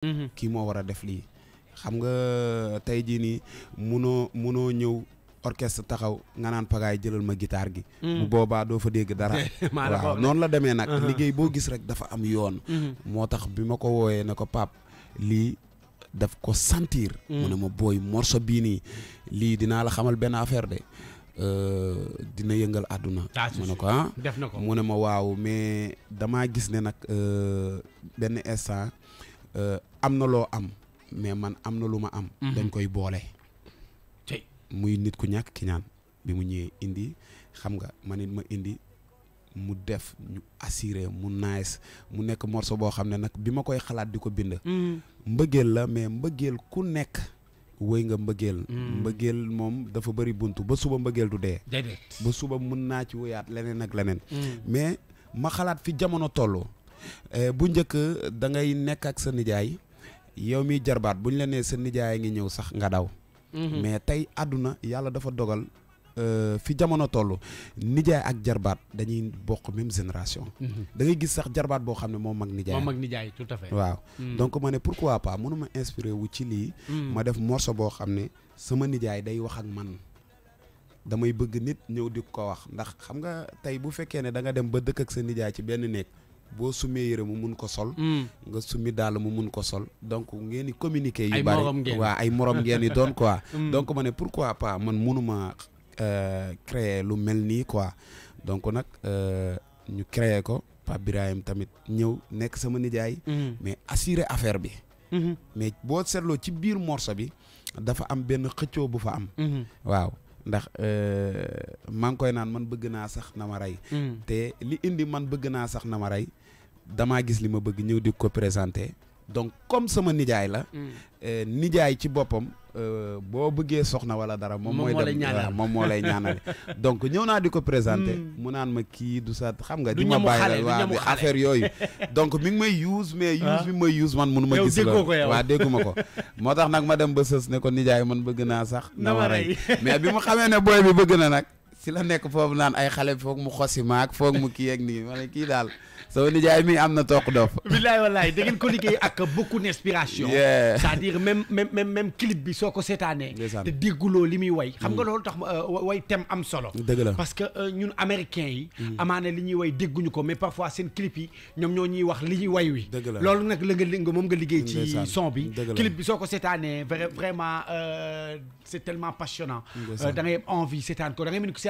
Mm-hmm. kii moo war a def lii xam nga tey jii nii munoo munoo ñëw orchestre taxaw nga naan pagaay jëlal ma gitaar gi mm-hmm. bu boobaa doo fa dégg dara waaw noonu la demee nag uh-huh. liggéey boo gis rek dafa am yoon mm-hmm. moo tax bi ma ko wooyee ne ko pap lii daf ko sentir mu ne ma booy morceau bii nii lii dinaa la xamal benn affaire de euh, dina yëngal àdduna ah, mu ne ko ah na ko mu ne ma waaw mais damaa gis ne nag euh, benn instant euh, am na loo am mais man am na lu ma am mhm. dañ koy boole muy nit ku ñàkk ki ñaan bi mu ñëwee indi xam nga ma nit ma indi mu def ñu assuré mu nice mu nekk morso boo xam ne nag bi ma koy xalaat di ko bind mhm. mbëggeel la mais mbëggeel ku nekk wëy nga mbëggeel mhm. mbëggeel moom dafa bari bunt ba suba mbëggeel du dee ba suba mun naa ci woyaat leneen ak leneen mais ma xalaat fi jamono toll eh, bu njëkk da ngay nekk ak sa nijaay yow miy jarbaat buñ la nee sa nijaay ngi ñëw sax nga daw. Mhm. mais tey àdduna yàlla dafa dogal euh, fi jamono toll nijaay ak jarbat dañuy bok même génération. Mhm. da ngay gis sax jarbaat boo xam ne moom mag nijaay. moom mag nijaay tout à fait. waaw mhm. donc ma ne pourquoi pas mënuma inspiré wu ci lii. ma def morceau boo xam ne sama nijaay day wax ak man. damay bëgg nit di ko wax ndax xam nga bu da nga dem ba dëkk ak sa nijaay ci benn bo sumé yéré mu mën ko sol mm. nga sumi dal mu mën ko sol donc ngeen di communiquer yu bari wa ay morom ngeen di quoi mm. donc mané pourquoi pas man euh créer lu melni quoi donc euh ñu créer ko pa Ibrahim tamit ñew nek sama nijaay mm. mais assurer affaire bi mm-hmm. mais bo seetloo ci bir morceau bi dafa am ben xëccoo bu fa am mm-hmm. waaw ndax euh mang koy naan man bëgg naa sax na ma ray te li indi man bëgg naa sax na ma ray damaa gis li ma bëgg ñëw di ko présenté donc comme sama nijaay la. Hmm. Euh, nijaay ci boppam. Euh, boo bëggee soxna wala dara. moom mooy dem moom moo lay ñaanale donc ñëw naa di ko présenté. Hmm. mu naan ma kii du sa xam nga. du ñamu xale ma bàyyi yooyu. donc mi ngi may use mais ah. use bi may use man mënuma gis. yow waaw dégguma ko. moo tax nag ma dem ba sës ne ko nijaay man bëgg naa sax. na ma mais bi mu xamee ne booy bi bëgg na nag. si la nek fofu nan ay xale foog mu xosi maak foog mu ki ak nii ma ne kii daal sama nijaay mi amna tok dof billahi wallahi wallaay ngeen ko liggéey ak beaucoup d'inspiration c'est-à-dire même même même clip bi soko ko te dégguloo limi way xam nga mm. loolu tax euh, way thème am solo parce que euh, ñun américains yi mm. amaana li way dégguñu ko mais parfois sen clip yi ñom ñoo ñuy wax liñuy way wi dëgg nak loolu nag la nga nga moom nga liggéey ci son bi clip bi soko ko seetaanee vraiment euh, c'est tellement passionnant da ngay envie seetaan ko da ngay mën ko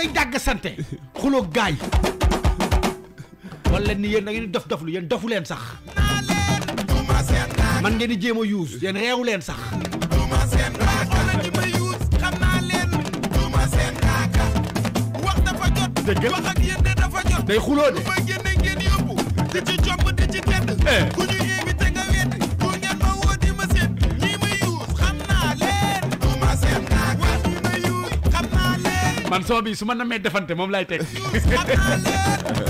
day dàgg sante xuloo gaay wala ni yéen da ngeen di dof doflu yéen dofu leen sax man ngeen di jéem a yuus yéen réewu leen sax dëgg day xuloo de. man soo bi su ma namee defante moom laay teg.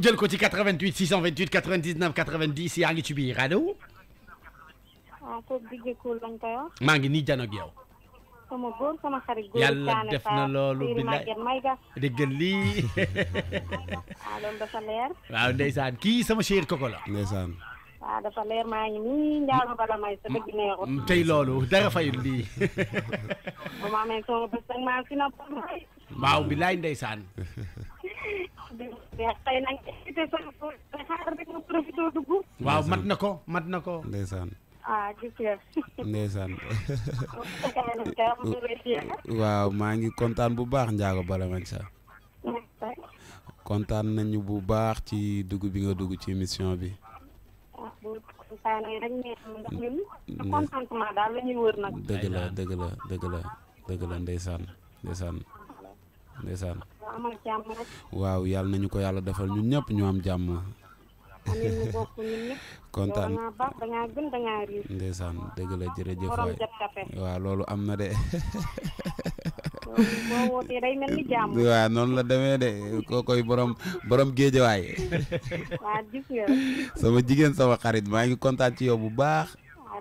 jël ko ci 88 628 99 90 yaa ngi ci biir allo. waaw ah, kooku Didier Koul lañ koy maa ngi nii jànn ak yow. sama góor sama xarit góor def na loolu billaay déggal lii. Ah, kii sama chéri ah, maa ngi nii mm, mm, loolu dara fayul lii. bu ma amee sama maa si na waaw billaay ndeysaan. waaw mat na ko mat na ko. ndeysaan. ah waaw maa ngi kontaan bu baax Ndiago Bala Mansa. kontaan nañu bu baax ci dugg bi nga dugg ci émission bi. dëgg la dëgg la dëgg la dëgg la ndeysaan ndeysaan ndeysaan. waaw yàlla nañu ko yàlla defal ñu ñëpp ñu am jàmm. kontaan yow da ngaa baax dëgg la jërëjëf waaw loolu am na de. boo noonu la demee de kookoy borom borom géejawaay. sama jigéen sama xarit maa ngi kontaan ci yow bu baax.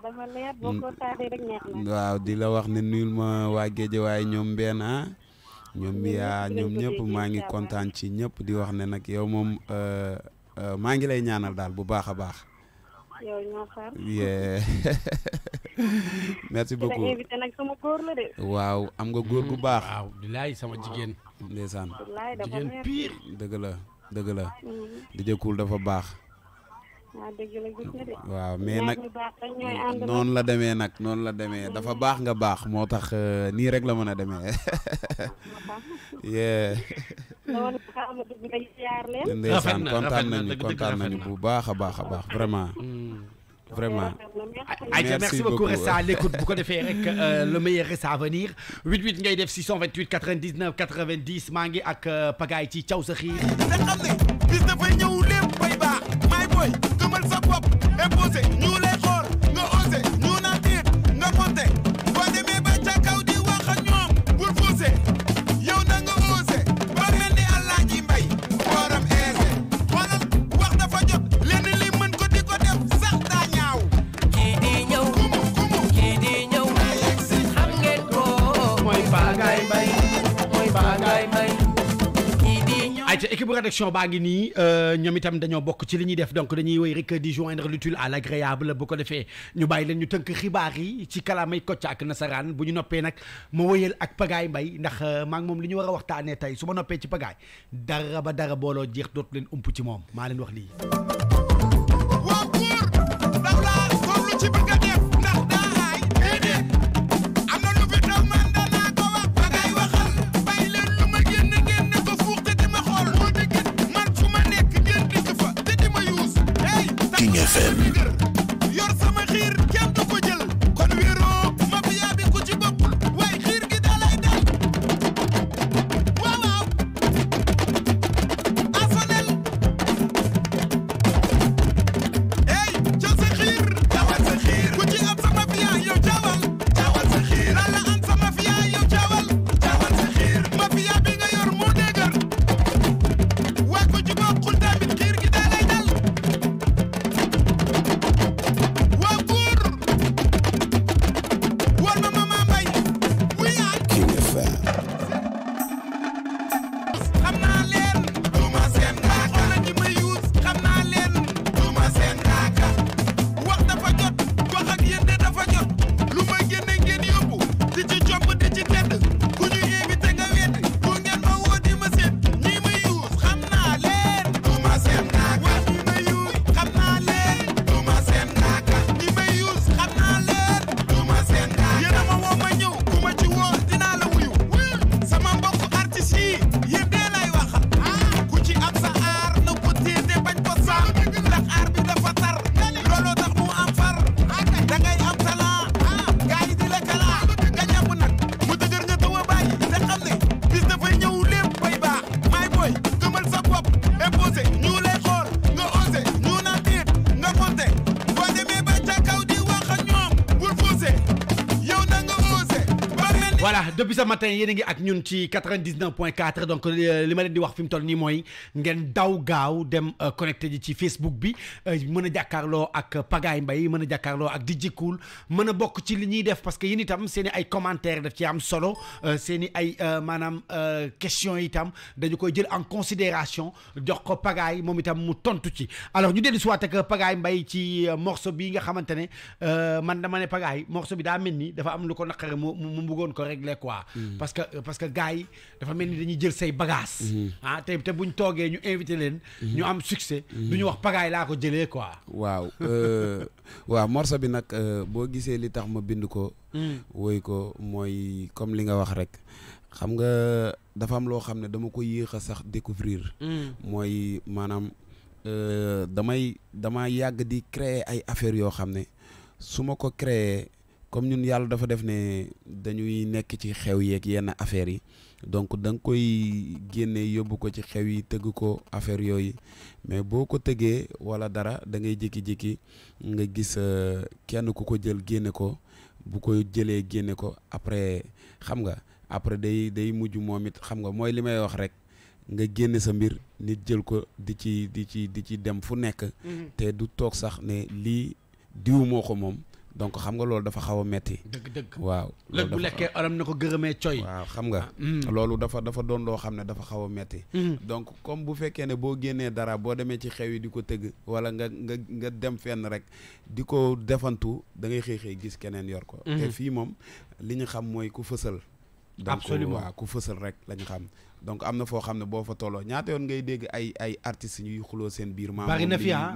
dama leer waaw di la wax ne nuyul ma waa géejawaay ñoom benn ah. ñoom yaa ñoom ñëpp maa ngi kontaan ci ñëpp di wax ne nag yow moom euh, euh, maa ngi lay ñaanal daal bu baax a baax. yow merci beaucoup waaw am nga góor gu mm. baax. waaw di laay sama jigéen. ndeysaan jigéen pire. dëgg la dëgg mm. dafa baax. waaw mais nag noonu la demee nag noonu la demee dafa baax nga baax moo tax euh, nii rek la mën a demee. ndeysaan na nañu kontaan nañu bu baax a baax baax vraiment. Mm. vraiment Aïcha merci beaucoup resta à l'écoute bu ko defee rek euh, le meilleur reste à venir 88 ngay def 628 99 90 maa ngi ak euh, pagaay ci caw sa xiir. up, impose new rédaction baa ngi nii euh, ñoom itam dañoo bokk ci li ñuy def donc dañuy woy rek di joindre l'utile à l'agréable bu ko defee ñu bàyyi leen ñu tënk xibaar yi ci kalaamay kocc ak nasaraan bu ñu noppee nag ma wëyal ak pagaay mbay ndax euh, maa ngi moom li ñu war a waxtaanee tey su ma noppee ci pagaay dara ba dara booloo jeex dootu leen ump ci moom maa leen wax lii. FM. voilà depuis ce matin yéen ngi ak ñun ci 99.4 donc euh, li ma leen di wax fim mu toll nii mooy ngeen daw gaaw dem euh, connecter ji ci Facebook bi euh, mën jakarlo ak pagay mbay mën jakarlo ak DJ Cool mën bok ci li ñi def parce que yéen itam seen ay commentaires daf ci am solo seen ay manam question itam dañ koy jël en considération jox ko pagay mom itam mu tontu ci alors ñu dellu si waat ak Pagaye Mbaye ci morceau bi nga xamante man dama né pagay morceau bi da melni ni dafa am lu ko naqare mu mu bëggoon ko rek réglé quoi. Mm-hmm. parce que euh, parce que gars yi dafa mel ni dañuy jël say bagages. Mm-hmm. ah te te buñ toogee ñu invité leen. Mm-hmm. ñu am succès. du ñu wax pagaay laa ko jëlee quoi. waaw euh, waaw morceau bi nag euh, boo gisee li tax ma bind ko. Mm. woy ko mooy comme li nga wax rek. xam nga dafa am loo xam ne dama ko yéex a sax découvrir mm. mooy maanaam damay dama yàgg di créer ay affaires yoo xam ne su ma ko créer comme ñun yàlla dafa def ne dañuy nekk ci xew yeeg yenn affaires yi donc da nga koy génne yóbbu ko ci xew yi tëgg ko affaire yooyu mais boo ko tëggee wala dara da ngay jékki nga gis euh, kenn ku ko jël génne ko bu ko jëlee génne ko après xam nga après day day mujj moom it xam nga mooy li may wax rek nga génne sa mbir nit jël ko di ci di ci di ci dem fu nekk. Mm-hmm. te du toog sax ne lii diw ko moom. donc xam nga loolu dafa xaw a metti dëgg dëgg waaw lëg bu lekkee alam na ko gërëmee coy waaw xam nga ah, hmm. loolu dafa dafa doon loo xam ne dafa xaw a metti hmm. donc comme bu fekkee ne boo génnee dara boo demee ci xew yi di ko tëgg wala nga nga nga dem fenn rek di ko defantu da ngay xëy xëy gis keneen yor ko hmm. te fii moom li ñu xam mooy ku fësal absolument ku fësal rek lañ xam donc am na foo xam ne boo fa tolloo ñaata yoon ngay dégg ay ay artistes ñuy xuloo seen biir maa bari na fi ah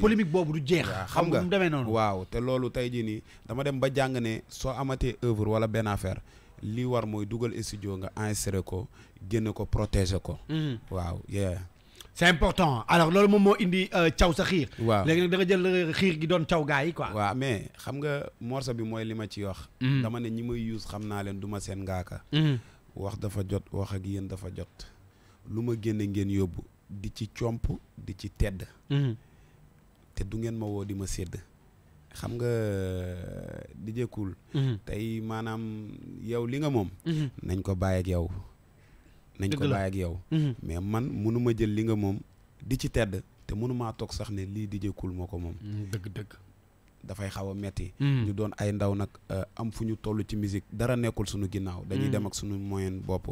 polémique boobu du jeex xam nga mu noonu waaw te loolu tey jii nii dama dem ba jàng ne soo amatee œuvre wala benn affaire lii war mooy dugal studio nga enregistré ko génn ko protéger ko mhm. waaw yeah c'est important alors loolu moom moo indi euh, caw sa xiir. waaw léegi nag jël euh, xiir gi doon caw gaa yi quoi. waaw mais xam nga morso bi mooy li ma ci wax. Mm-hmm. dama ne ñi may use xam naa leen du ma seen ngaaka. Mm-hmm. wax dafa jot wax ak yéen dafa jot. lu ma génne ngeen yóbbu di ci comp di ci tedd. Mm-hmm. te du ngeen ma woo di ma sedd xam nga DJ Cool. tey maanaam yow li nga moom. nañ ko bàyyi ak yow. nañ ko bàyyi ak yow mm-hmm. mais man mënuma jël li nga moom di ci tedd te mënumaa toog sax ne lii di Cool ma ko moom mm, dëgg dëgg dafay xaw a metti mm-hmm. ñu doon ay ndaw nag euh, am fu ñu toll ci musique dara nekkul suñu ginnaaw mm-hmm. dañuy dem ak suñu moyen bopp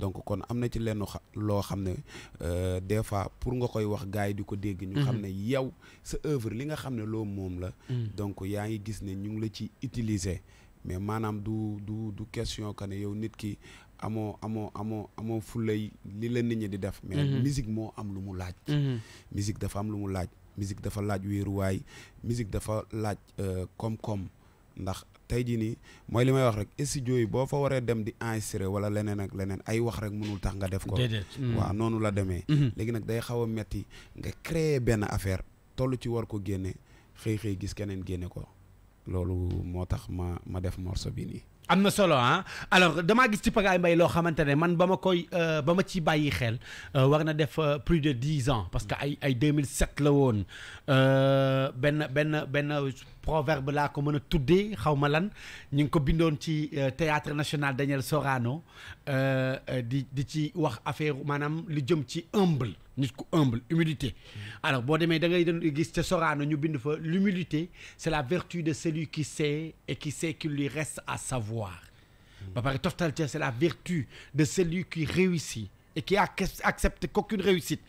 donc kon am na ci lenn loo xam ne euh, des fois pour nga koy wax gars yi di ko dégg ñu xam ne yow sa œuvre li nga xam ne loo moom la donc yaa ngi gis ne ñu ngi la ci utiliser mais maanaam du du du question que ne yow nit ki amoo amoo amoo amoo fulay li la nit ñi di def mais mhm. musique moo am lu mu laaj mhm. musique dafa am lu mu laaj musique dafa laaj wéeruwaay musique dafa laaj euh, koom-koom ndax tey jii nii mooy li may wax rek studio yi boo fa waree dem di enregistrer wala leneen ak leneen ay wax rek mënul tax nga def ko mhm. waaw noonu la demee léegi nag day xaw a metti nga créer benn affaire toll ci war ko génne xëy-xëy gis keneen génne ko loolu moo tax ma ma def morso bii nii amna solo hein alors dama gis ci pagay mbay lo xamantene man bama koy euh, bama ci bayyi xel euh, warna def euh, plus de dix ans parce que ay ay 2007 la euh ben, ben, ben, proverbe la ko meuna tuddé xawma lan ñu ko bindon ci théâtre national Daniel Sorano di di ci wax affaire manam li jëm ci humble humble humilité alors da ñu bind l'humilité c'est la vertu de celui qui sait et qui sait qu'il lui reste à savoir c'est la vertu de celui qui réussit et qui accepte qu'aucune réussite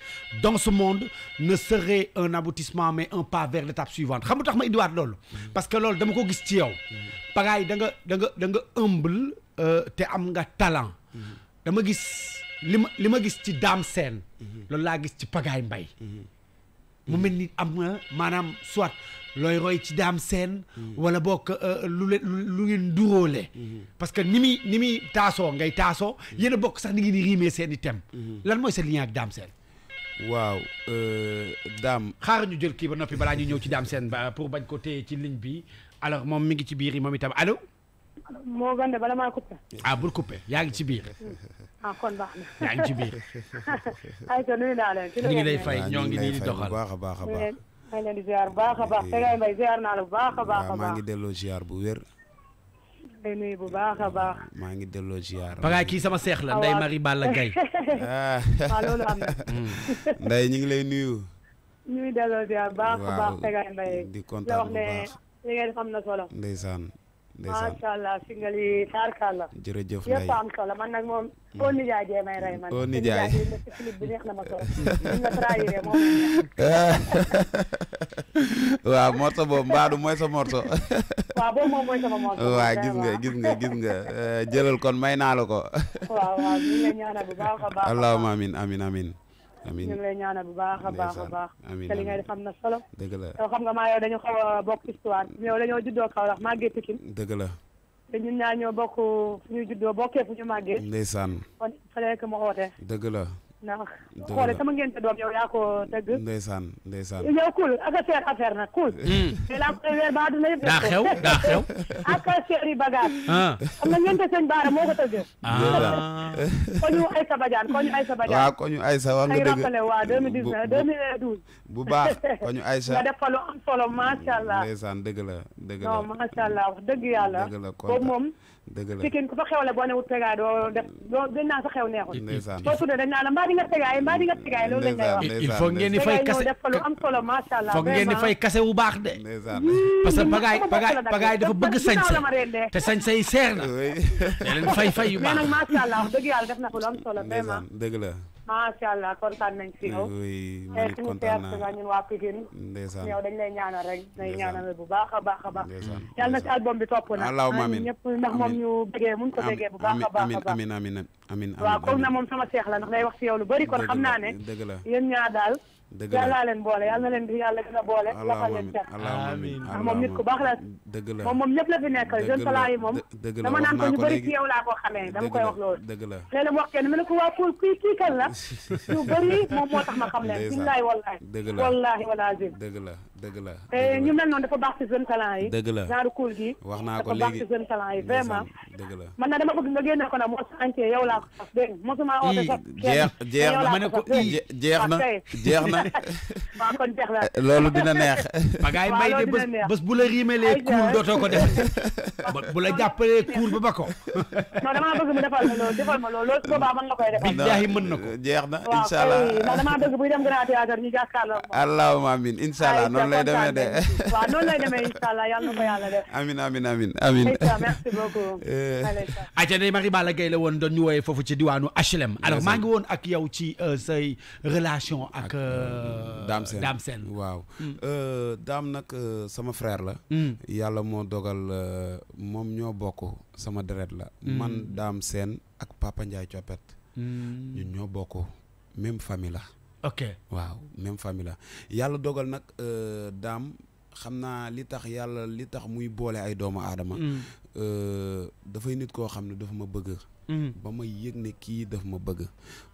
dans ce monde ne serait un aboutissement mais un pas vers l'étape suivante xam ma parce que c'est dama ko gis ci yow pagaay humble euh, té am nga talent dama gis li ma li ma gis ci daam mhm. seen loolu laa gis ci pagaay mbay mhm. mu mel ni am nga maanaam soit looy roy ci daam mhm. seen wala bokk euh, lu leen lu ngeen duroole parce que ni muy ni muy taasoo ngay taasoo yéen a bokk sax ni ngi ni riimee seen i lan mooy sa lien ak daam seen waaw euh, daam xaar ñu jël kii ba noppi balaa ñu ñëw ci daam seen ba pour bañ ko téye ci ligne bi alors moom mi ngi ci biir yi moom itam allo moo gën bala maa coupé. ah bul yaa ngi ci biir. ah kon baax na. yaa ngi ci biir. ayca nuyu naa leen. lay fay ñoo nii di doxal baax a baax a baax. maa ngi leen di ziar bu baax maa ngi delloo ziar bu wér. maa ngi delloo ziar. Pagaye kii sama seex la Ndeye Marie Balla Gaye. waaw ah, hmm. ñu ngi lay nuyu. ñu ngi delloo ziar bu baax a baax Pagaye Mbaye. di kontaan bu baax la wax macha allah singal yi taarkalla. jërëjëf Ndeye yëpp am hmm. nga morso boobu mbaadu mooy morso. waaw gis nga gis nga jëlal kon may naa la ko. waaw amin amin amin. amiin ñu ngi lay ñaanal bu baax a baax a baax te li am na solo dëgg la yow xam nga maa yow dañu xaw a bokk histoire yow dañoo juddoo Kaolack màggee Pikine dëgg la te ñun ñaa ñoo bokk fu ñu juddoo bokkee fu ñu màggee ndeysaan kon fa nekk ma oote dëgg la ndax xoole sama ngénte doom yow yaa ko tëgg ndeysaan ndeysaan eh, yow cool ak a seer affaire nag cool te weer ba àdduna yëpp daa daa xew ak seer yi bagage xam ah. na ngénte sëñ Baara moo ko tëgg ah. koñu Aysa Badiane koñu Aysa Badiane waaw koñu Aysa war nga dëgg rappelé waaw dëgg yàlla dëgg moom dëgg la Pikine kase def wu baax de. parce que pagaay mmh, pagaay pagaay bëgg sañse te sañse yi seer na. da leen fay fay yu baax def na macha allah kontaan nañ si yow. oui man eh, it kontaan naa ñun waa Pikine. ndeysaan yow dañ lay ñaanal rek. ndeysaan ñaanal bu baax a baax a baax. yàlla na si bi topp na. alaaw amiin ñëpp ndax moom ñu bëggee mun ko bëggee bu baax a baax a baax amiin amiin amiin amiin moom sama seex la ndax day wax si yow lu bëri kon xam naa ne. dëgg la yéen dëgg la yàlla leen boole yàlla na leen di yàlla gën a boole. waxal leen cat amiin ndax moom nit ku baax la. dëgg la moom moom ñëpp la fi nekkal jeune salaire yi moom. dëgg la dama naan ko ñu bëri ci yow laa ko xamee dama koy wax loolu. dëgg la léeg-léeg mu wax kenn mu ne ko waa pour kii kii kan la. ñu bëri moom moo tax ma xam leen. billaay wallaay. dëgg la wallaay walaazim dëgg la. Eh, dëgg la ñu mel noonu dafa baax ci jeune talent yi dëgg la genre cool gi wax naa ko léegi dafa la man na dama bëgg nga génne ko nag moo entier yow laa ko sax dégg mosuma oote sax jeex jeex na ma ne ko jeex na jeex na waaw kon jeex na eh, loolu dina neex pagaay mbay de bés bés bu la riimalee cool dootoo ko def bu la jàppalee cool ba ba ko non damaa bëgg mu defal ma loolu defal ma loolu loolu su boobaa mën na koy defal mën na ko jeex na incha allah waaw eh, damaa bëgg buy amin incha allah noonu lay demee de waaw noonu lay demee incha allah yal eh. Marie Balla Gaye la woon doon ñu woowee foofu ci diwaanu HLM. alors maa ngi woon ak yow ci euh, say relation ak. Euh, Dame Sène Dame waaw. Hmm. Euh, Dame nag sama frère la. Hmm. yàlla moo dogal moom ñoo bokk sama deret la. Hmm. man Dame Sène ak Papa Ndiaye Coppet. ñun ñoo bokk même famille ok waaw même famille yàlla dogal nag euh, daam xam naa li tax yàlla li tax muy boole ay doomu aadama. Mm. Euh, dafay nit koo xam ne dafa ma bëgg. Mhm. ba ma yëg ne kii daf ma bëgg.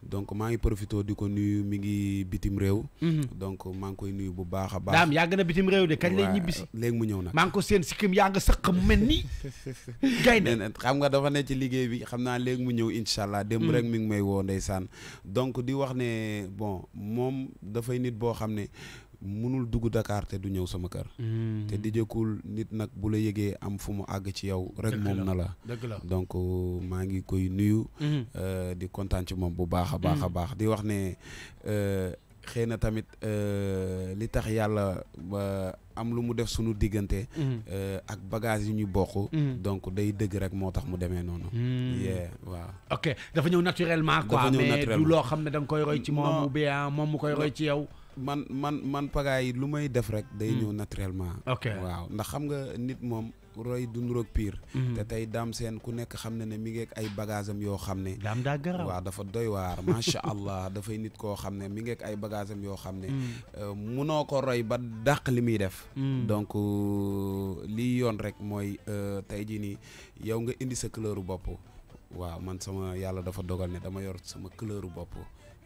donc maa ngi profité di ko nuyu mi ngi bitim réew. Mhm. donc maa ngi koy nuyu bu baax a baax. daam yàgg na bitim réew de kañ lay ñibbisi. léegi mu ñëw nag maa ngi ko seen sikkim yaa nga sëq mu mel nii. gaynde xam nga dafa ne ci liggéey bi xam naa léegi mu ñëw incha allah. démb mhm. rek mi ngi may woo ndeysaan. donc di wax ne bon moom dafay nit boo xam ne. munul dugg Dakar te du ñëw sama kër. Hmm. te DJ Cool nit nag bu la yëgee am fu mu àgg ci yow. rek moom na la dëgg la donc euh, maa ngi koy nuyu. Hmm. Euh, di kontaan ci moom bu baax a baax a hmm. baax di wax ne. Euh, xëy na tamit li tax yàlla am lu mu def sunu diggante. ak bagage yu ñu bokk. donc day dëgg rek moo tax mu demee noonu. waaw. ok dafa ñëw naturellement. quoi mais du loo xam ne da koy roy ci moom. ou bien moom mu koy roy ci yow. man man man yi lu may def rek. day hmm. ñëw naturellement. waaw ndax xam nga nit moom. roy dunduroog piir hmm. te tey daam seen ku nekk xam ne ne mi ngeek ay bagage yoo xam ne daam daa waaw dafa doy waar macha allah dafay nit koo xam ne mi ngeek ay bagage yoo xam ne hmm. euh, munoo ko roy ba dàq li muy def donc euh, lii yoon rek mooy euh, tey jii nii yow nga indi sa couleur bopp waaw man sama yàlla dafa dogal ne dama yor sama couleur bopp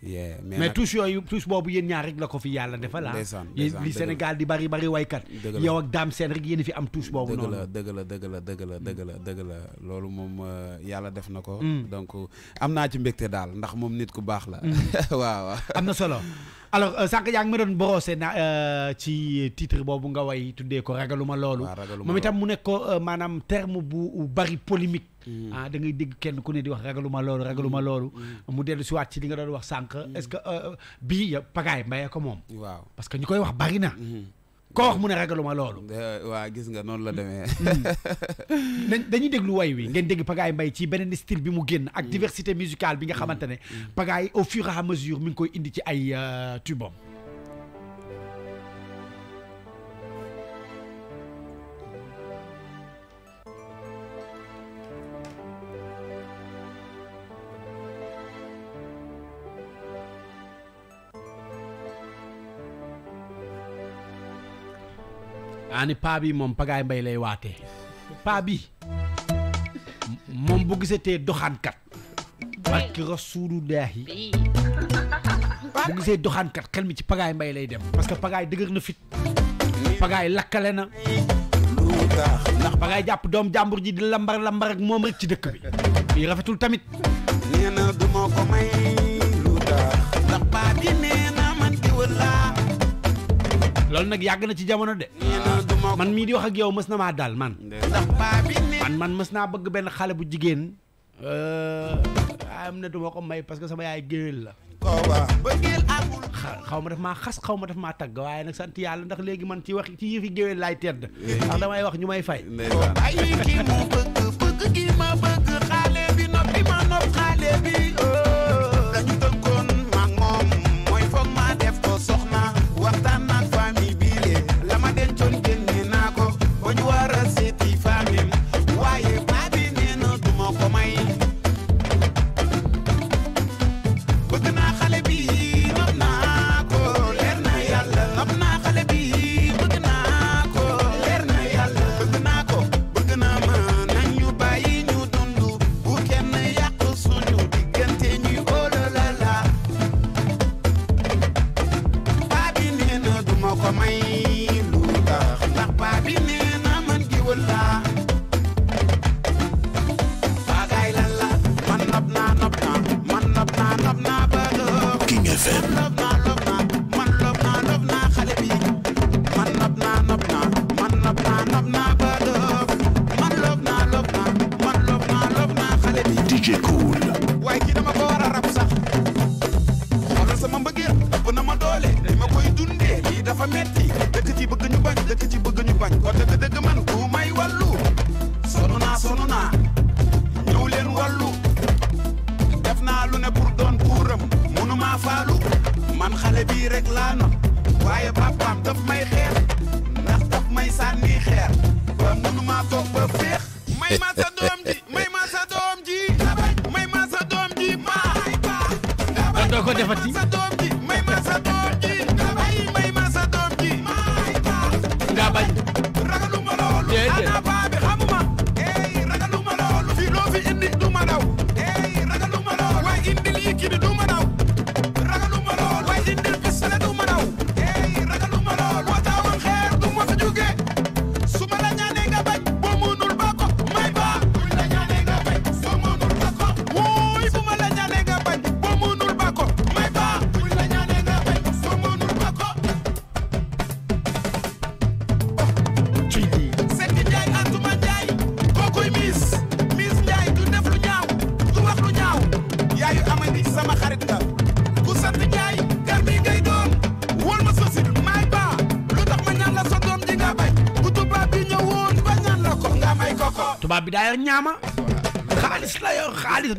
mais tous yooyu tous boobu yéen ñaar rek la ko fi yàlla defal ah yéen li Sénégal di bari bari waykat yow ak Dame Sène rek yéen fi am tous boobu noonu dëgg la dëgg la dëgg la dëgg la dëgg la loolu moom euh, yàlla def na ko mm. donc euh, am naa ci mbégte daal ndax moom nit ku baax la mm. waaw am na solo alors euh, sànq yaa ngi ma doon brossé na ci titre boobu nga way tuddee ko ragaluma loolu moom itam mu nekk ko maanaam terme bu bari polémique Mm-hmm. ah da ngay dégg kenn ku ne di wax ragaluma loolu ragaluma mm-hmm. loolu mm-hmm. mu dellu si ci li nga doon wax sànq est-ce que euh, euh, bii pagaay mbayee ko moom waaw parce que ñu koy wax bari na koo wax mu ne ragaluma loolu waa gis nga noonu la demee dañuy déglu way wi ngeen dégg pagaay mbay ci beneen style bi mu génn ak diversité musicale bi nga xamante ne pagaay au fur et à mesure mi ngi koy indi ci ay euh, tubam ani pabi mom pagay mbay lay waatee paa bi moom bu doxan kat barki rasulullahi bu gisé doxan kat xelmi ci pagay mbay lay dem parce que pagay deugur na fit pagay lakalé na ndax pagay japp dom jambour ji di lambar lambar ak mom rek ci dekk bi bi rafetul tamit nee du moko may ndax man wala lol nak yag na ci jamono de man mii di wax ak yow mës na maa daal man. man man mës naa bëgg benn xale bu jigéen. am na du ma ko may parce que sama yaay géwél la. xaw ma daf maa xas xaw ma daf maa tagg waaye nag sant yàlla ndax léegi man ci wax ci yëfi géwél laay tedd. ndax damay wax ñu may fay. ko defati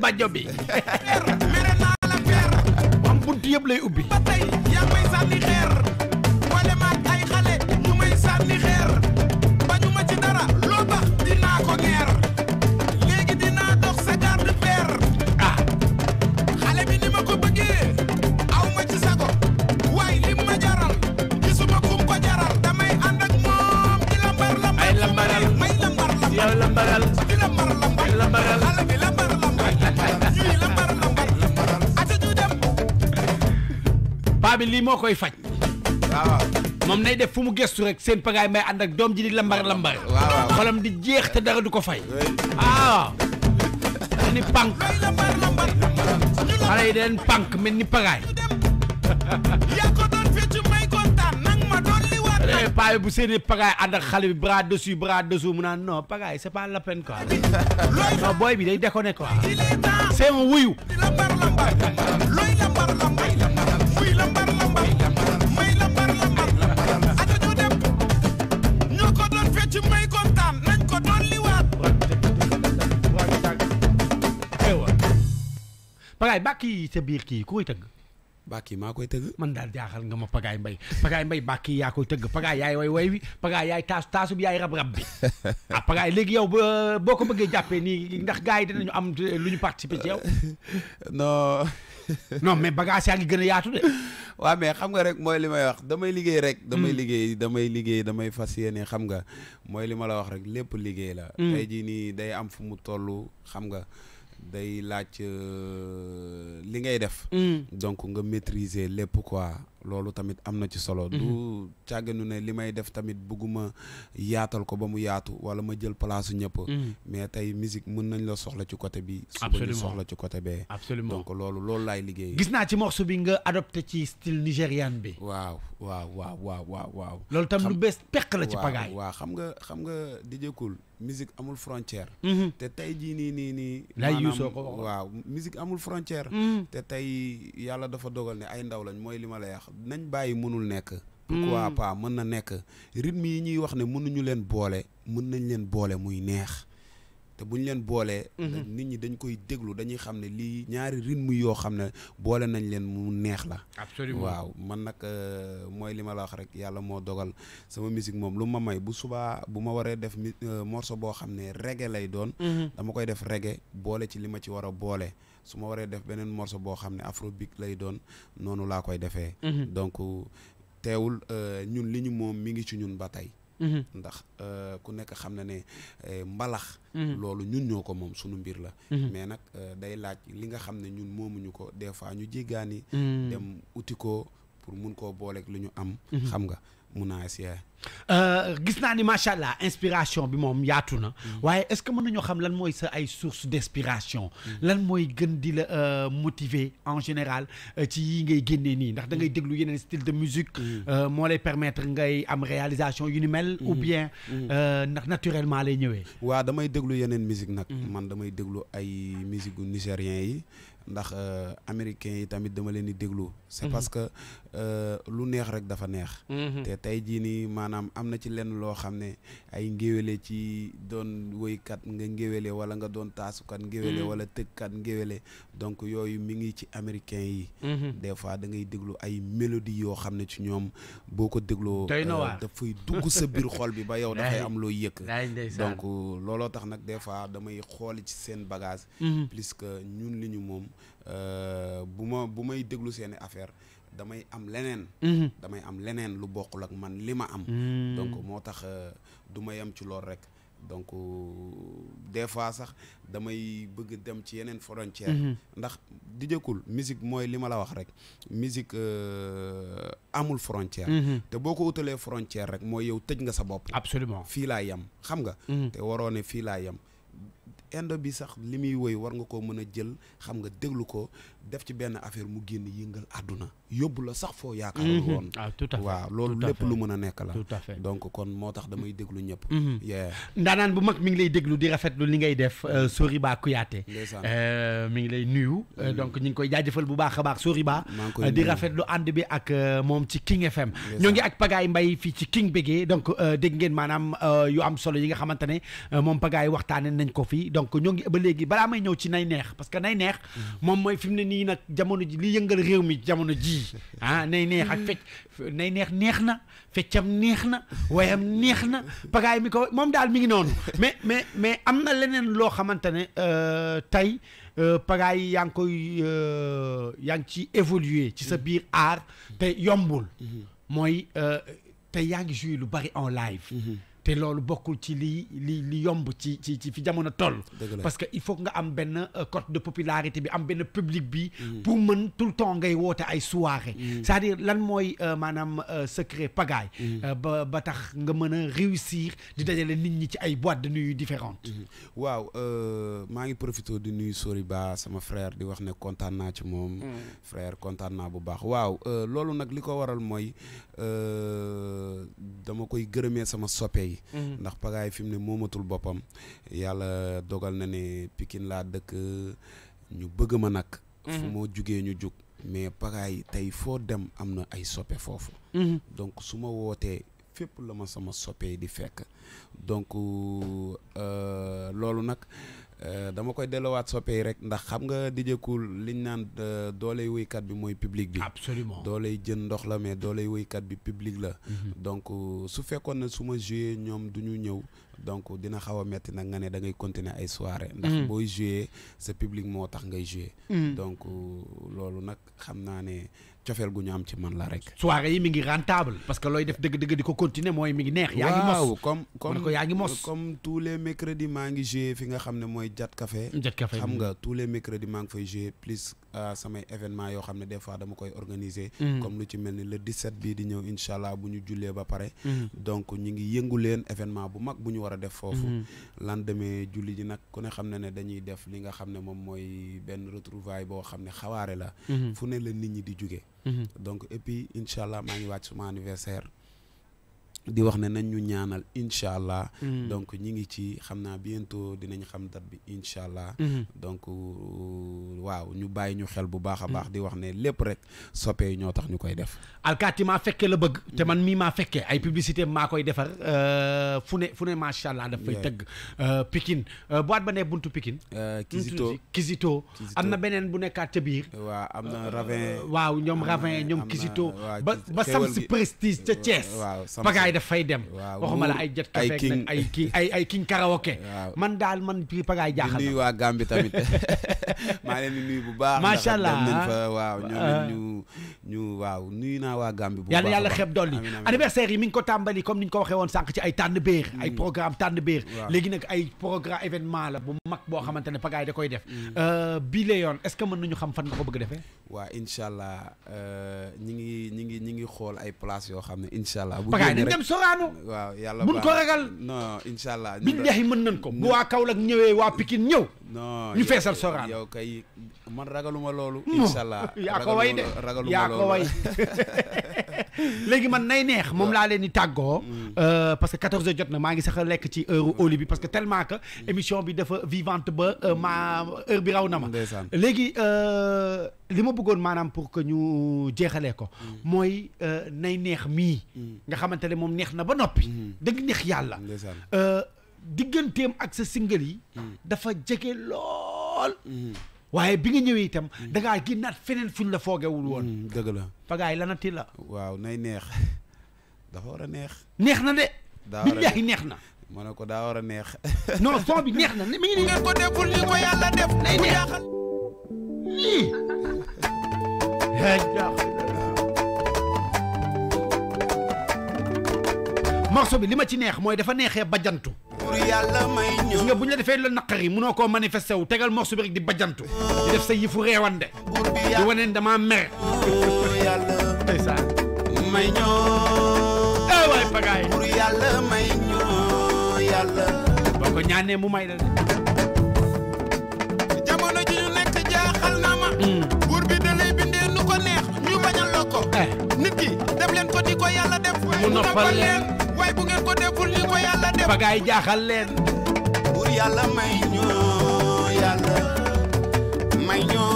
bàjjo bi moo koy faj. waaw moom nay def fu mu gestu rek seen pagaay may ànd ak doom ji di lambar lambar. waaw di jeex dara du ko fay. ah mel ni pànk xale yi deen pànk mel ni pagaay. léegi paa yi bu seeni pagaay ànd ak xale bi bras dessus bras dessous mu naan pagaay c'est pas la peine quoi non booy bi day déconné quoi c'est un wuyu. pagaay bàkki yi sa biir kii ku koy tëgg. bàkki maa koy tëgg. man daal jaaxal nga ma pagaay mbay pagaay mbay bàkki yaa koy tëgg pagaay yaay way way wi pagaay yaay taas taasub yaay rab rab bi ah pagaay léegi yow boo ko bëggee jàppee nii ndax gars yi dinañu am euh, lu ñu participer ci yow. non. non mais bagage yaa ngi gën a yaatu de. waaw mais xam nga rek mooy li may wax damay liggéey rek. damay mm. liggéey damay liggéey damay fas yéene xam nga mooy li ma la wax rek lépp liggéey la. Mm. tey jii nii day am fu mu toll xam nga. day laaj euh, li ngay def. Mm. donc nga maîtriser lépp quoi loolu tamit am na ci solo. Mm-hmm. du càgganu ne li may def tamit bëgguma yaatal ko ba mu yaatu wala ma jël place ñëpp. Mm. mais tey musique mën nañ la soxla ci côté bi. absolument suba soxla ci côté bee. absolument donc loolu loolu laay liggéey. gis naa ci morceau bi nga adopté ci style nigérian bi. waaw waaw waaw waaw waaw waaw. loolu tam lu bees peq la ci pagaay. waaw xam nga xam nga DJ Cool musique amul frontière. Mhm. te tey jii nii nii nii. laay yuusoo ko waaw musique amul frontière. Mhm. te tey yàlla dafa dogal ne ay ndaw lañ mooy li ma lay wax nañ bàyyi mënul nekk. Mhm. pourquoi pas mën na nekk rythme yi ñuy wax ne mënuñu leen boole mun nañ leen boole muy neex. te bu ñu leen boolee. Mhm. nit ñi dañ koy déglu dañuy xam ne lii ñaari rythme yoo xam ne boole nañ leen mu neex la. absolument waaw man nag euh, mooy li ma la wax rek yàlla moo dogal sama musique moom lu ma may bu subaa bu ma waree def mi euh, morceau boo xam ne reggae lay doon. Mhm. dama koy def reggae boole ci li ma ci war a boole su ma waree def beneen morceau boo xam ne afrobeat lay doon noonu laa koy defee. Mhm. donc teewul euh, ñun li ñu moom mi ngi ci ñun ba tey. Mhm. ndax euh, ku nekk xam na ne euh, mbalax mhm. loolu ñun ñoo ko moom suñu mbir la mhm. mais nag euh, day laaj li nga xam ne ñun moomuñu ko des fois ñu jéggaani dem uti ko pour mun koo booleeg lu ñu am xam nga mun naa euh, gis naa ni machallah, allah inspiration bi moom yaatu na. Mm. waaye est-ce que mën nañoo xam lan mooy sa ay sources d'inspiration. Mm. lan mooy gën di la euh, motiver en général euh, ci yi ngay génnee nii ndax da ngay mm. déglu yeneen style de musique. moo lay permettre ngay am réalisation yu ni mel. ou bien ndax naturellement lay ñëwee. waaw damay déglu yeneen musique nak man damay déglu ay musique gu nigérien yi ndax américain yi tamit dama leen di déglu. c'est parce que Euh, lu neex rek dafa neex. Mm-hmm. te tey jii nii maanaam am na ci lenn loo xam ne ay ngéwéle ci doon woykat nga ngéwéle wala nga doon taasukat ngéwéle mm-hmm. wala tëggkat ngéwéle donc yooyu mi ngi ci américain yi. Mm-hmm. des fois da ngay déglu ay mélodie yoo xam ne ci ñoom boo ko dégloo. Euh, dafay dugg sa biir xol bi ba yow dafay am loo yëkk. donc euh, looloo tax nag des fois damay xool ci seen bagage. plus que ñun li ñu moom bu ma bu may déglu seeni affaire damay am leneen. Mhm. damay am leneen lu bokkul ak man li ma am. Hmm. donc moo tax euh, du ma yem ci lool rek. donc euh, des fois sax damay bëgg dem ci yeneen frontière mhm. ndax di jëkkul musique mooy li ma la wax rek musique euh, amul frontière mhm. te boo ko utalee frontière rek mooy yow tëj nga sa bopp absolument fii laa yem xam nga te waroo fii laa yem indo bi sax li muy woy war nga koo mën a jël xam nga déglu ko def ci ben affaire mu génn yëngal bula yobul la sax foo yaakaarul mhm. woon ah, wa loolu lépp lu mën a nekk la tout à fait donc kon moo tax damay mhm. déglu ñëpp mhm. yeah ndanan bu mag mi ngi lay deglu di lu li ngay def euh, mm. Soriba euh mi ngi lay nuyu euh, mm. donc ñing koy jajeufal bu baax sori ba euh, di lu and bi ak mom ci King FM ñu ngi ak pagay mbay fi ci King bege, donc deg ngeen maanaam yu am solo yi nga xamante mom pagai Pagaye waxtaane nañ ko fi donc ñu ngi ba legi bala may ñew ci nay neex parce que nay neex mom mm. moy fimne nii nag jamono ji li yëngal réew mi jamono ji ah, nay neex ak fecc nay neex neex na feccam neex na wayam neex na pagaay mi ko moom daal mi ngi noonu mais mais mais am na leneen loo xamante ne euh, tey euh, pagaay yi yaa ngi koy euh, yaa ngi ci évoluer ci sa biir art yombul mm-hmm. mooy te yaa ngi joué lu bari en live mm-hmm. té lolou bokul ci li li li yomb ci ci ci fi jamono toll parce que il faut nga am ben cote de popularité bi am ben public bi mm. pour mën tout le temps ngay woote ay soirée mm. c'est-à-dire lan moy euh, manam euh, secret pagay mm. ba ba tax nga meuna réussir di dajale nit ñi ci ay boîte de nuit différentes mm-hmm. waaw ma ngi profité di sori ba sama frère di wax né kontaan naa ci mom frère kontaan naa bu baax waaw euh lolou nak liko waral euh dama koy gërëmee sama sopé yi yi mm-hmm. ndax pagaay fi mu ne moomatul boppam yàlla dogal na ne pikin laa dëkk ñu bëgg ma nag fu mm-hmm. moo jugee ñu jug mais pagaay tey foo dem am na ay soppe foofu mm-hmm. donc su ma wootee fépp la ma sama soppe di fekk donc euh, loolu nag Euh, dama koy delloowaat soppe yi rek ndax xam nga DJ Cool liñ naan euh, dooley wéykat bi mooy public bi. doole dooley jën ndox la mais dooley wéykat bi public la. Mm-hmm. donc euh, su fekkoon ne su ma joué ñoom du ñu ñëw. donc dina xaw a metti nag nga ne da ngay continuer ay soirée ndax mm-hmm. booy joué sa public moo tax ngay joué. Mm-hmm. donc loolu nag xam naa ne. cofeel gu ñu am ci man la rek. soirée yi mi ngi rentable. parce que looy def dëgg-dëgg di ko continuer mooy mi ngi neex. yaa ngi mos comme comme ko yaa maa ngi joué fi nga xam ne mooy Jat Café. Jat Café xam nga tous les mercredis maa ngi fay joué plus euh, samay événement yoo xam ne des fois dama koy organiser. Mm. comme lu ci mel ni le 17 bii di ñëw incha allah bu ñu jullee ba pare. Mm. donc ñu ngi yëngu leen bu mag bu ñu war a def foofu. Mm-hmm. lendemain julli ji nag ku ne xam ne ne dañuy def li nga xam ne moom mooy benn retrouvaille boo xam ne xawaare la. Mm-hmm. fu ne ñi di jugee. Mhm. donc et puis Inch'Allah mangi watch anniversaire. di wax ne nañ ñu ñaanal incha allah. Mm-hmm. donc ñi ngi ci xam naa bientôt dinañ xam date bi incha allah. Mm-hmm. donc euh, waaw ñu bàyyi ñu xel bu baax a baax. Mm-hmm. di wax ne lépp rek soppee ñoo tax ñu koy def. alkaati maa fekkee la bëgg. te man mii maa fekkee ay publicité maa koy defar euh, fu ne fu ne macha allah daf fay tëgg. Euh, Pikine boîte ba ne buntu Pikine. Kizito Kizito am na beneen bu nekkaat ca biir. waaw waaw ñoom Ravin ñoom Kizito. ba ba prestige ca Thiès. waaw dafay dem. waaw waxuma la ay jet café nag ay king ay ay king karaoke. man daal man fii pagaay jaaxal. di nuyu waa Gàmbi tamit maa leen di nuyu bu baax. macha allah dem nañ fa waaw ñoom ñu ñu waaw nuyu naa waa Gàmbi. bu baax yàlla yàlla xeeb dolli anniversaire yi mi ngi ko tàmbali comme ni ñu ko waxee woon sànq ci ay tànn béer. ay mm. programme tànn béer. léegi nag ay programme événement la bu mag boo xamante ne pagaay da koy def. Mm. Euh, bii la yoon est-ce que mën nañu xam fan nga ko bëgg defee. waa incha allah euh, ñi ngi ñi ngi ñi ngi xool ay place yoo xam ne incha soraano waaw yàlla buñ ko ragal non incha allah billahi mën nañ ko waa Kaolack ñëwee waa pikin ñëw non ñu feesal soraano yow kay man ragaluma loolu incha allah yaa ko way de yaa ko léegi man nay neex moom laa leen di tàggoo mm. euh, parce que quatorze jot na maa ngi sax lekk ci heure mm. oli bi parce que tellement que émission bi dafa vivante ba euh, ma heure bi raw na ma léegi euh, li ma bëggoon maanaam pour que ñu jeexalee ko mm. mooy nay neex mii nga moom neex na ba noppi. Mm-hmm. dëgg neex yàlla. Euh, digganteem ak sa single yi. Mm-hmm. dafa jege lool. Mm-hmm. waaye bi nga ñëwee itam. da ngaa génnaat feneen fuñ la foogewul woon. dëgg la pagaay lanati la. waaw nay neex dafa war a neex. neex na de. daa neex na. ma ne ko daa war a neex. non son bi neex na mi ngi ngeen ko deful ni ko yàlla def. nay neex lii. morceau bi li ma ci neex mooy dafa neexee bajantu yàlla may ñëw bu ñu la defee lu naqari koo manifesté wu tegal morceau bi rek di bajantu di def sa yëfu reewande di waneen damaa mere yàlla ndeysaan may eh yàlla may ñëw boo ko ñaanee mu may la jamono ji ñu nekk jaaxal na ma hmm. buur bi da lay bindee nu ko neex ñu bañal la ko eh. nit ki ko di ko yàlla def mu noppal leen waaye bu ngeen ko deful li ko yàlla def bagaay jaaxal leen buur yàlla may ñu yàlla may ñu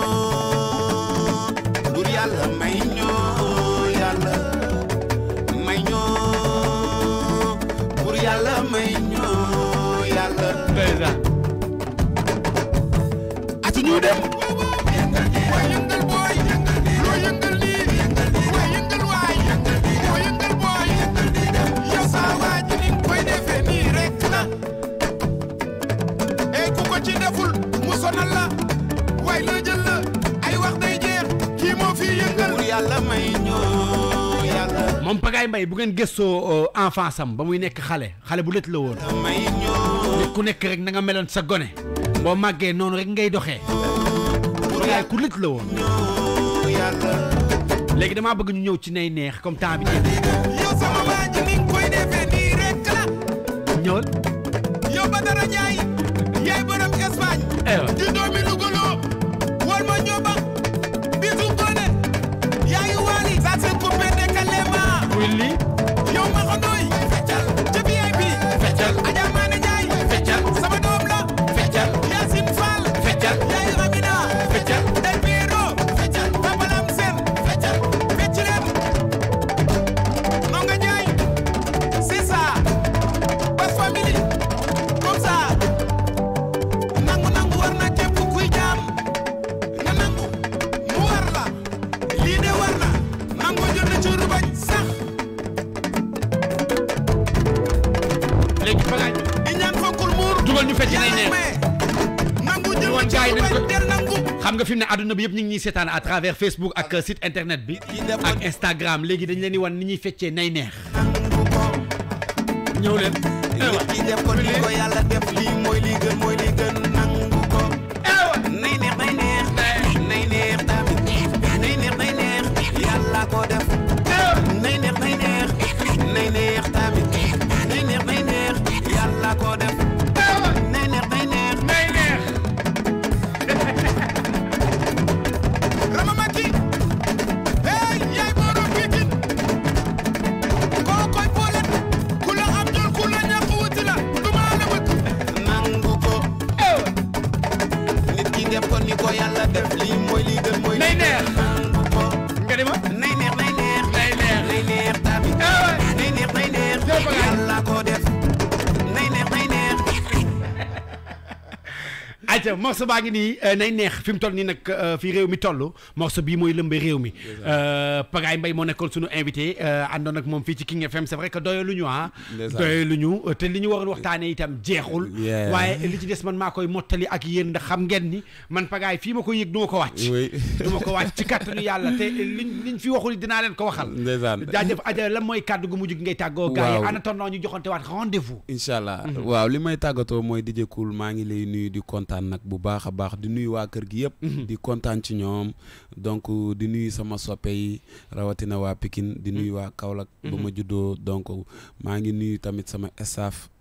buur yàlla may ñu yàlla may ñu buur yàlla may ñu yàlla président ati ñu moom Pagaye Mbaye bu ngeen gëstoo euh, enfance am ba muy nekk xale xale bu lët la woon ku nekk rek na nga meloon sa gone boo màggee noonu rek ngay doxee Pagaye ku lët la woon léegi damaa bëgg ñu ñëw ci nay neex comme temps bi ñëwal yow Badara Ndiaye yaay borom Espagne eh, champion marocain fi mu ne àdduna bi yëpp ñu ngi ñuy seetaan à travers Facebook ak site internet bi ak Instagram léegi dañ leen di wan ni ñuy feccee nay neex ñëw leen morceau baa ngi nii euh, nay neex fi mu toll nii nag euh, fii réew mi toll morceau bii mooy lëmbe réew mi euh, Pagaye mbay moo nekkoon sunu invité àndoon ak moom fii ci King FM c'est vrai que doyaluñu ah doyaluñu te li ñu waroon waxtaanee itam jeexul waaye li ci des man maa koy mottali ak yéen ndax xam ngeen ni man Pagaye fii ma koy yëg du ko wàcc ko wàcc ci yàlla te liñ liñ fi waxul dinaa leen ko waxal jaajëf aja lan mooy kàddu gu mujj gi ngay tàggoo gars yi en attendant ñu joxante waat rendez-vous incha allah mhm. waaw li may tàggatoo mooy DJ Cool maa ngi lay nuyu di kontaan nag bu baax a baax di nuyu waa kër gi yëpp mhm. di kontaan ci ñoom donc di nuyu sama soppe rawatina waa Pikine di nuyu mhm. waa Kaolack ba ma mhm. juddoo donc maa ngi nuyu tamit sama staff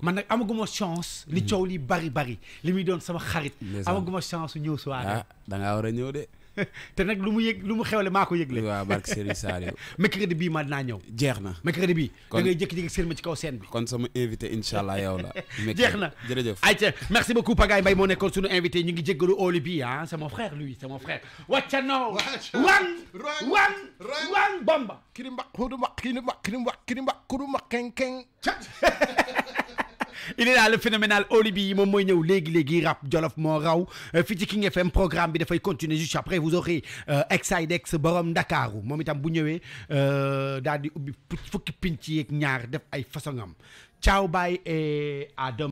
man nak amaguma chance. li mm. coow li bari bari li mi doon sama xarit. amaguma chance ñew soirée. ah da nga wara a de. te nak lu mu yeg lu mu xewle mako yegle wa waaw barke Serigne Saliou. mercredi bi ma dina ñew jeexna na mercredi bi da ngay jékki-jékki seen ma ci kaw scène bi. kon sama invité inshallah yow la. jeex na ay ayca merci beaucoup pagay Mbaye moo nekkoon sunu invité ñu ngi jéggalu óolu bi ah, c'est mon frère lui c'est mon frère. wàcca noo. wan wan wan bamba. Kirimba, mbaq kirimba, kirimba, kirimba, mbaq keng keng il est là le phénoménal Oli Mon moom mooy ñëw les rap jolof moo raw euh, fii ci King FM programme bi dafay continuer juste après vous aurez Exidex euh, borom Ndakaaru Mon itam bu ñëwee euh, daal di ubbi fukki pinc yeeg ñaar def ay façon ciao bye et à demain